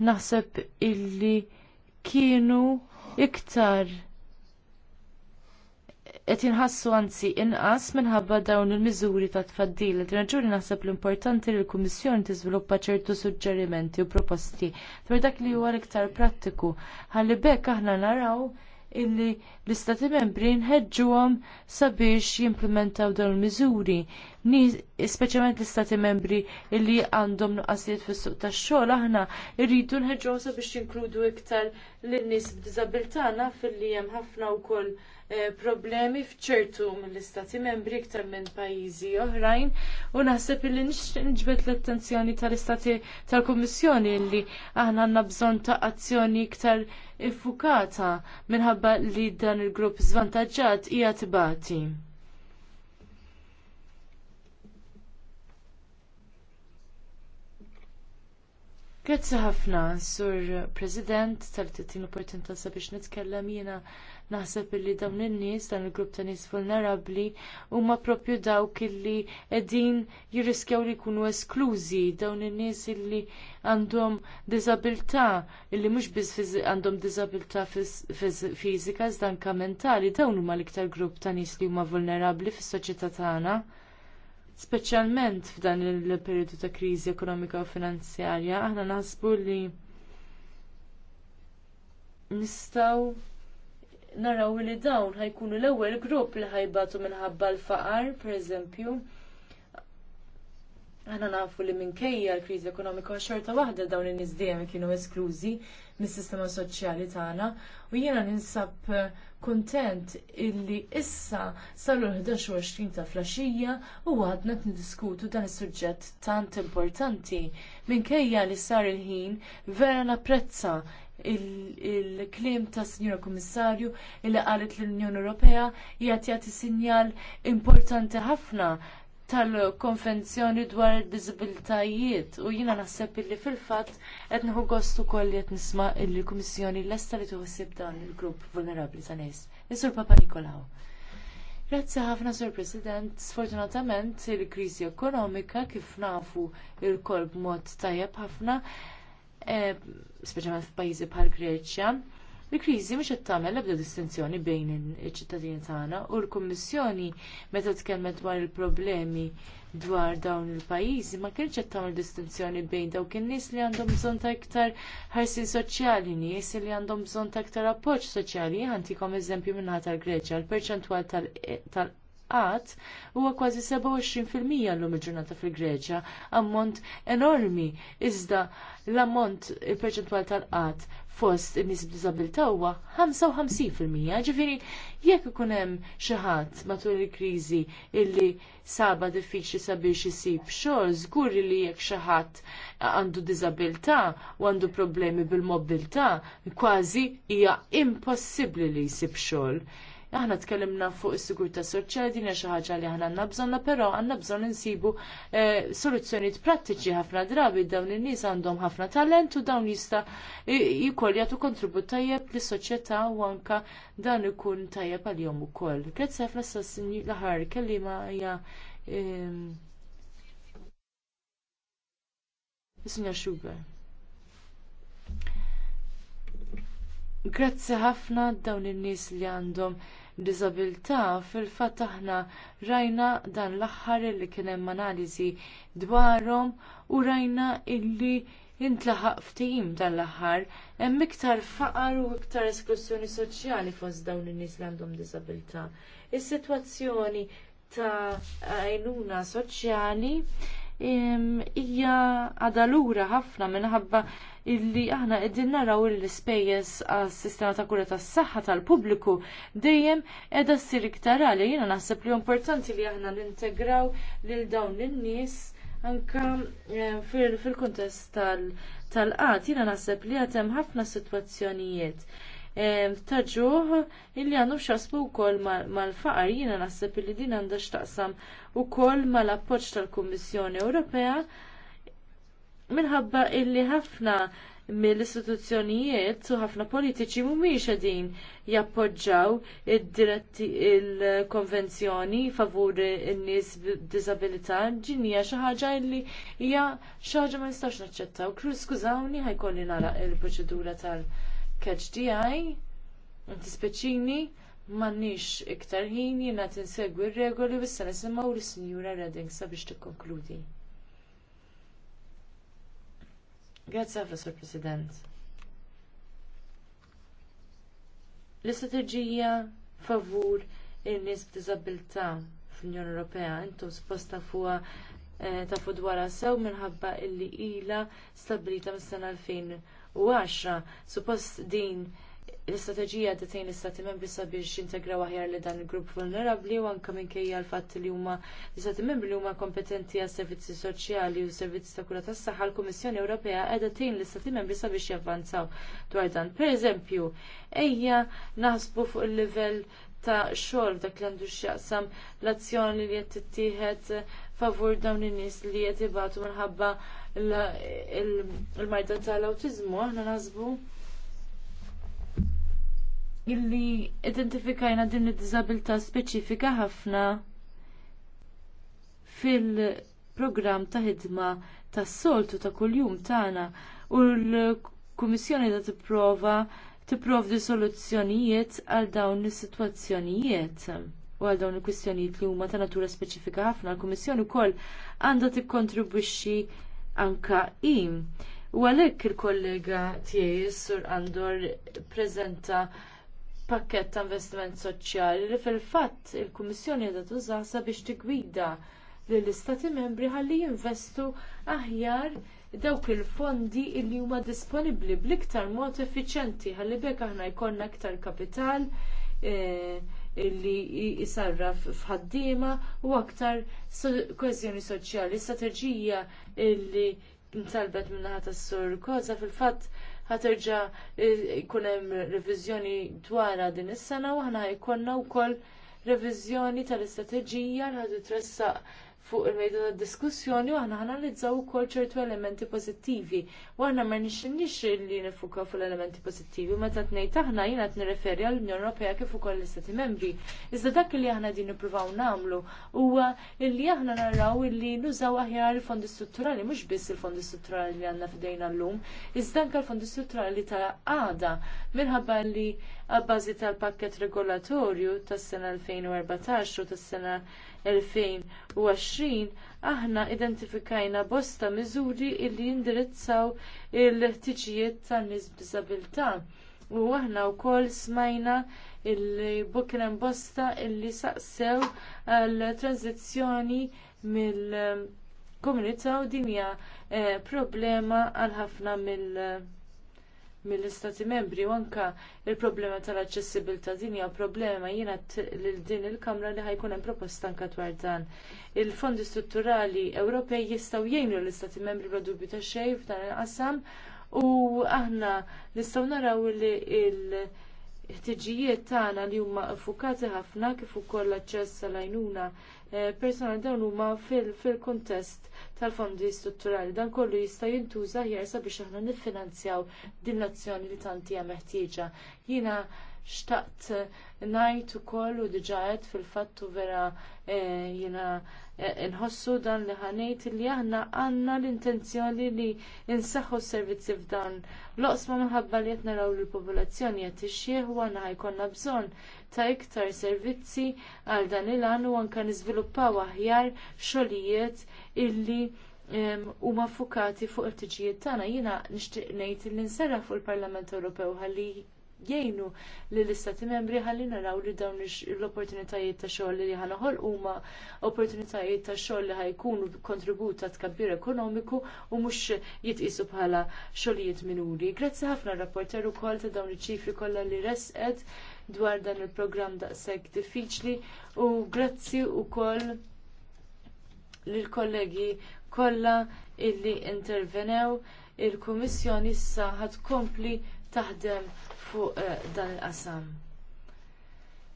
naħseb illi kienu iktar qed inħassu anzi inqas minħabba dawn il-miżuri ta' tfaddil. Raġuni naħseb l-importanti li l-Kummissjoni tiżviluppa ċertu suġġerimenti u proposti dwar dak li huwa l-iktar prattiku. Ħalli bekk aħna naraw illi l-istati membri nħeġġuhom sabiex jimplementaw dawn il-miżuri. Speċjalment l-istati membri illi għandhom nuqqasijiet fis-suq tax-xogħol aħna rridu nħeġġuhom sabiex jinkludu iktar lin-nies b'diżabilità naf illi hemm ħafna wkoll eh, problemi fċertu mill-istati membri iktar minn pajjiżi oħrajn u naħseb illi nġbed l-attenzjoni tal-istati tal-Kummissjoni li aħna għandna bżonn ta' azzjoni iktar iffukata minħabba li dan il-grupp Zvantaġġat hija tibati. Grazzi ħafna, Sur President, tal-tittin opportunità sabiex nitkellem jiena naħseb illi dawn in-nies dan il-grupp ta' nies vulnerabbli huma proprju dawk illi qegħdin jirriskjaw li jkunu esklużi dawn in-nies illi għandhom diżabilità illi mhux biss għandhom diżabilità fiżika iżda anke mentali dawn huma l-iktar grupp ta' nies li huma vulnerabbli fis-soċjetà tagħna speċjalment f'dan il-periodu ta' kriżi ekonomika u finanzjarja, aħna naħsbu li nistgħu naraw li dawn ħajkunu l-ewwel grupp li ħajbatu minħabba l-faqar, pereżempju, Aħna nafu li minkejja l-kriżi ekonomika xorta waħda dawn in-nies dejjem kienu esklużi mis-sistema soċjali tagħna u jiena ninsab eh, kuntent illi issa sal-11 ta' flaxija u għadna niddiskutu dan is-suġġett tant importanti minkejja li sar il-ħin vera napprezza il-klim ta' Sinjora Kummissarju illi qalet l-Unjoni Ewropea jgħat jagħti sinjal importanti ħafna tal-konvenzjoni dwar id-diżibiltajiet u jiena naħseb illi fil-fatt qed nieħu gost ukoll qed nisma' illi l-Kummissjoni lesta li tuħsib dan il-grupp vulnerabbli ta' nies. Isur Papa Nikolaw. Grazzi ħafna, Sur President. Sfortunatament, il-kriżi ekonomika kif nafu il-kolb mod tajjeb ħafna, eh, speċjalment f'pajjiżi bħal Greċja, Il-kriżi mhux qed tagħmel ebda distinzjoni bejn iċ-ċittadini tagħna u l-Kummissjoni meta tkellmet dwar il-problemi dwar dawn il-pajjiżi ma kienx qed tagħmel distinzjoni bejn dawk in-nies li għandhom bżonn ta' iktar ħarsin soċjali, nies li għandhom bżonn ta' iktar appoġġ soċjali. Ħantikom eżempju minn tal-Greċja, l-perċentwal tal Qatt huwa kważi 27% llum il-ġurnata fil-Greċja, ammont enormi iżda l-ammont il-perċentwal tal-qat fost in-nies b'diżabilità huwa 55%. Ġifieri jekk ikun hemm xi ħadd matul il-kriżi illi saba diffiċli sabiex isib xogħol, żgur li jekk xi ħadd għandu diżabilità u għandu problemi bil-mobilità, kważi hija impossibbli li jsib xogħol. Aħna tkellimna fuq is-sigurtà soċjali din hija xi ħaġa li aħna għandna bżonna, però għandna bżonn insibu eh, soluzzjonijiet prattiċi ħafna drabi dawn in-nies għandhom ħafna talent u dawn jista' jkoll jagħtu kontribut tajjeb lis-soċjetà u anke dan ikun tajjeb għalihom ukoll. Grazzi ħafna s-sassin l aħħar kellima hija ehm, Signor Sugar. Grazzi ħafna dawn in-nies li għandhom b'diżabilità fil-fatt aħna rajna dan l-aħħar li kien hemm analiżi dwarhom u rajna illi jintlaħaq ftehim dan l-aħħar hemm iktar faqar u iktar esklużjoni soċjali fost dawn in-nies li għandhom diżabilità. Is-sitwazzjoni ta' għajnuna soċjali hija għadalura ħafna minħabba illi aħna qegħdin naraw l-ispejjeż għas-sistema ta' kura tas-saħħa tal-pubbliku dejjem qiegħda ssir iktar għali jiena naħseb li importanti li aħna nintegraw lil dawn l nies anke eh, fil-kuntest tal-qat jiena naħseb li għatem ħafna sitwazzjonijiet ta' illi għandhom xasbu wkoll mal-faqar jiena naħseb li din għandha x'taqsam ukoll mal-appoġġ tal-Kummissjoni Ewropea minħabba illi ħafna mill-istituzzjonijiet u ħafna politiċi mhumiex qegħdin jappoġġaw il-konvenzjoni favur in-nies bid-diżabilità ġinija xi ħaġa li hija xi ħaġa ma nistax naċċettaw. Kru skużawni ħajkolli nara il proċedura tal- catch the eye, antispeċini, mannix iktar ħin jiena tinsegwi r-regoli u issa nisimgħu lis-Sinjura Redding sabiex tikkonkludi. Grazzi ħafna Sur President. L-istrateġija favur in-nies b'diżabilità fl-Unjoni Ewropea intom sposta fuqha eh, ta' dwarha sew minħabba illi ilha stabbilita mis-sena 2000 U 2010 suppost din l-istrateġija detejn l-istati membri sabiex jintegraw aħjar li dan il-grupp vulnerabbli u anke minkejja l-fatt li huma l-istati membri li huma kompetenti għas servizzi soċjali u servizzi ta' kura tas saħħa l-Kummissjoni Ewropea qiegħda tgħin l-istati membri sabiex javvanzaw dwar dan. Pereżempju, ejja naħsbu fuq il-livell ta' xogħol dak li għandu x'jaqsam l-azzjoni li qed tittieħed favur dawn in-nies li qed ibatu minħabba il-marda tal-autizmu, għahna nazbu illi identifikajna din id-diżabilità speċifika ħafna fil program ta' ħidma tas-soltu ta' kuljum tagħna u l-Kummissjoni ta' tipprova tipprovdi soluzzjonijiet għal dawn is-sitwazzjonijiet u għal dawn il-kwistjonijiet li huma ta' natura speċifika ħafna l-Kummissjoni wkoll għandha tikkontribwixxi anka im, U għalhekk il-kollega tiegħi Sur Andor prezenta pakkett ta' investiment soċjali li fil-fatt il-Kummissjoni qiegħda tużasa biex tigwida lill istati membri ħalli jinvestu aħjar dawk il-fondi li huma disponibbli bl-iktar mod effiċjenti ħalli bekk aħna jkollna iktar kapital eh, li jisarraf f'ħaddiema u aktar kohezjoni soċjali. Strateġija li ntalbet minnaħat tas-sur koza fil-fatt ħaterġa eh, jkun hemm reviżjoni dwar din is-sena u aħna jkollna wkoll reviżjoni tal-istrateġija li ħadu tressaq fuq il-mejda ta' diskussjoni u aħna analizzaw ukoll ċertu elementi pożittivi. U aħna ma nixxinix li nifukaw fuq l-elementi pożittivi, meta tnejt aħna jiena qed nirreferi għall-Unjoni Ewropea kif ukoll l-Istati Membri. Iżda dak li aħna din nippruvaw nagħmlu huwa li aħna naraw li nużaw aħjar il-fondi strutturali mhux biss il-fondi strutturali li għandna f'dejna llum, iżda anke l-fondi strutturali ta' għada minħabba li għabbażi tal-pakket regolatorju tas-sena 2014 u tas-sena 2020 aħna identifikajna bosta miżuri li jindirizzaw il-ħtiġijiet tan-nies b'diżabilità. U aħna wkoll smajna illi bukren bosta illi saqsew għal-tranzizzjoni mill-komunità u dinja eh, problema għal ħafna mill- mill-istati membri u anke l problema tal-aċċessibilità din hija problema jiena lil din il-Kamra li ħajkun hemm proposta anke dwar dan. Il-fondi strutturali Ewropej jistgħu jgħinu l-istati membri bla dubju ta' xejn f'dan il-qasam u aħna nistgħu naraw li il- ħtiġijiet tagħna li huma affukati ħafna kif ukoll l-aċċess għall-għajnuna eh, personali dawn huma fil-kuntest tal-fondi strutturali. Dan kollu jista' jintuża ħjar sabiex aħna niffinanzjaw din l-azzjoni li tanti hija meħtieġa. Jiena xtaqt eh, najt u koll u diġaħet fil-fattu vera eh, jina eh, nħossu dan li ħanejt li aħna għanna l-intenzjoni li insaħħu s-servizzi f'dan. Loqsma minħabba li qed naraw l-popolazzjoni qed ixxieħ u għanna ħajkonna bżonn ta' iktar servizzi għal dan il-għan u anke niżviluppaw aħjar xogħlijiet illi huma fukati fuq il-tiġijiet tagħna jiena nixtieq ngħid li nserraħ fuq il-Parlament Ewropew ħalli jgħinu li l-istati membri ħalli naraw li dawn l-opportunitajiet ta' xogħol li ħanoħol huma opportunitajiet ta' xogħol li ħajkunu kontributa tkabbir ekonomiku u mhux jitqisu bħala xogħlijiet minuri. Grazzi ħafna rapporter ukoll ta' dawn iċ-ċifri kollha li resqed dwar dan il-programm daqshekk diffiċli u grazzi wkoll lill kollegi kollha illi intervenew il-Kummissjoni issa ħad kompli taħdem fuq eh, dan il-qasam.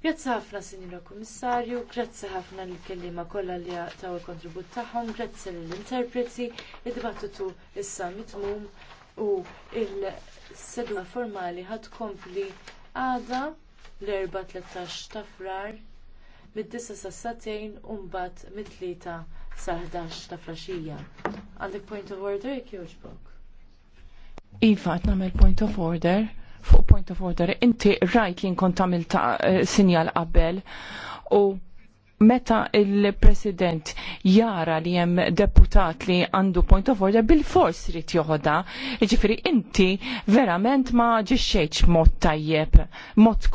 Grazzi ħafna, Sinjura Kummissarju, grazzi ħafna lill kellima kollha li taw il-kontribut tagħhom, grazzi lill-interpreti, id-dibattitu issa mitmum u il-sedna formali ħad kompli għada l 4 ta' frar mid disa sa' u mbagħad mid-3 sa' 11 ta' flaxija. Għandek point of order jekk jogħġbok? Iva, namel point of order. Fuq point of order, inti rajt li nkun tamil ta' eh, sinjal qabel u meta il-president jara li jem deputat li għandu point of order bil-fors rrit joħoda, ġifiri inti verament ma ġiċċeċ mod tajjeb, mod